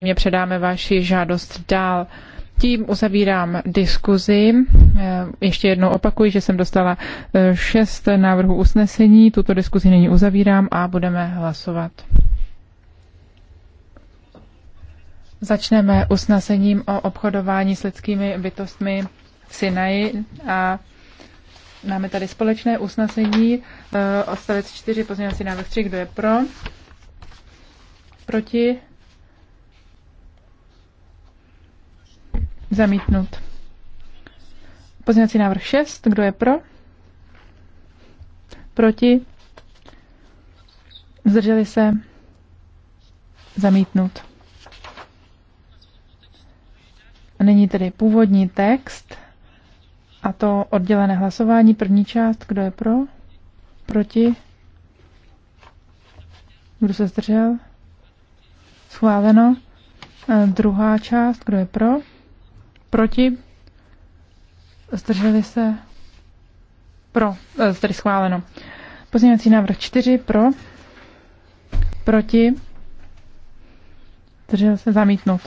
Mě předáme vaši žádost dál. Tím uzavírám diskuzi. Eh, ještě jednou opakuji, že jsem dostala eh, šest návrhů usnesení. Tuto diskuzi nyní uzavírám a budeme hlasovat. Začneme usnesením o obchodování s lidskými bytostmi v Sinaji a máme tady společné usnesení eh, odstavec 4, pozměňovací návrh 3, kdo je pro, proti, Zamítnut. Pozměňovací návrh 6. Kdo je pro? Proti? Zdrželi se? Zamítnut. Nyní tedy původní text a to oddělené hlasování. První část, kdo je pro? Proti? Kdo se zdržel? Schváleno. A druhá část, kdo je pro? proti, zdrželi se, pro, eh, tedy schváleno. Pozměňovací návrh 4 pro, proti, zdržel se, zamítnut.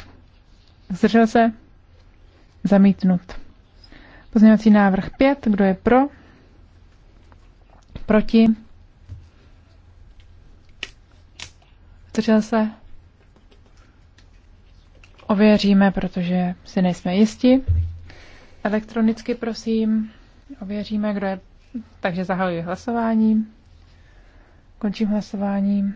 Zdržel se, zamítnut. Pozměňovací návrh 5, kdo je pro, proti, zdržel se, Ověříme, protože si nejsme jisti. Elektronicky prosím, ověříme, kdo je. Takže zahajuji hlasování. Končím hlasování.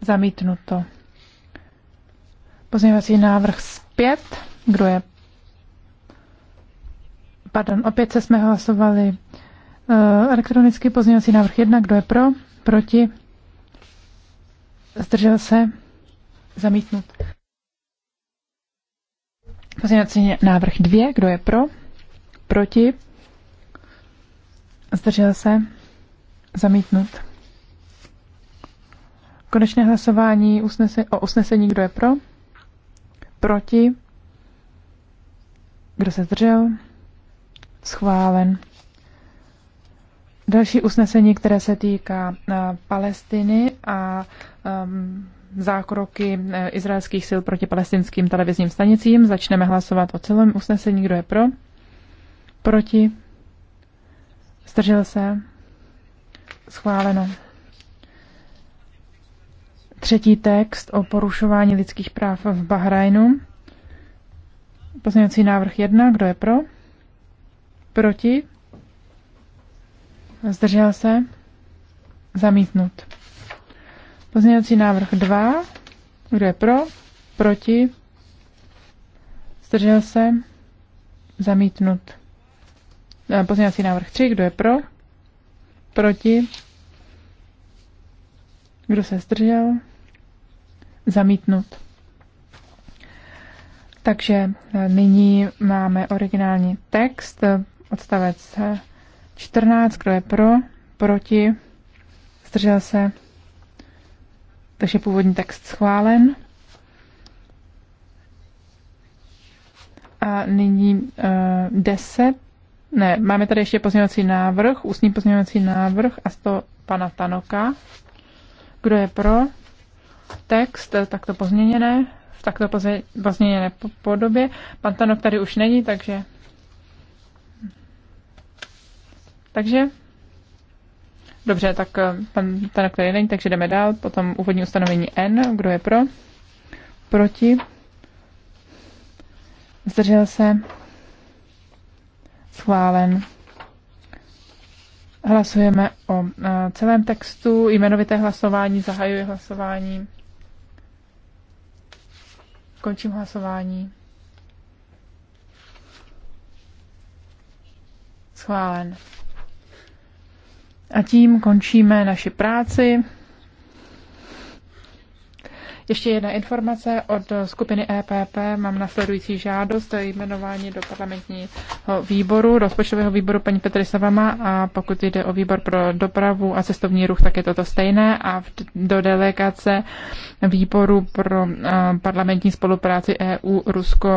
Zamítnuto. Pozměňovací návrh zpět. Kdo je? Pardon, opět se jsme hlasovali eh, elektronicky. Pozměňovací návrh 1. Kdo je pro? Proti? zdržel se, zamítnut. Pozměňovací návrh 2, kdo je pro, proti, zdržel se, zamítnut. Konečné hlasování usnese, o usnesení, kdo je pro, proti, kdo se zdržel? Schválen. Další usnesení, které se týká eh, Palestiny a um, zákroky eh, izraelských sil proti palestinským televizním stanicím. Začneme hlasovat o celém usnesení. Kdo je pro? Proti? Zdržel se? Schváleno. Třetí text o porušování lidských práv v Bahrajnu. Pozměňovací návrh 1. Kdo je pro? Proti? Zdržel se? Zamítnut. Pozměňovací návrh 2. Kdo je pro? Proti? Zdržel se? Zamítnut. Eh, pozměňovací návrh 3. Kdo je pro? Proti? Kdo se zdržel? Zamítnut. Takže eh, nyní máme originální text, eh, odstavec 14, kdo je pro, proti, zdržel se, takže původní text schválen. A nyní uh, eh, 10. Ne, máme tady ještě pozměňovací návrh, ústní pozměňovací návrh a to pana Tanoka. Kdo je pro? Text takto pozměněné, v takto pozměněné podobě. Pan Tanok tady už není, takže... Takže Dobře, tak eh, pan ten který není, takže jdeme dál. Potom úvodní ustanovení N. Kdo je pro? Proti? Zdržel se? Schválen. Hlasujeme o eh, celém textu. Jmenovité hlasování. Zahajuji hlasování. Končím hlasování. Schválen. A tím končíme naši práci. Ještě jedna informace od skupiny EPP. Mám nasledující žádost o jmenování do parlamentního výboru, rozpočtového výboru paní Petry Savama a pokud jde o výbor pro dopravu a cestovní ruch, tak je toto stejné a do delegace výboru pro eh, parlamentní spolupráci EU-Rusko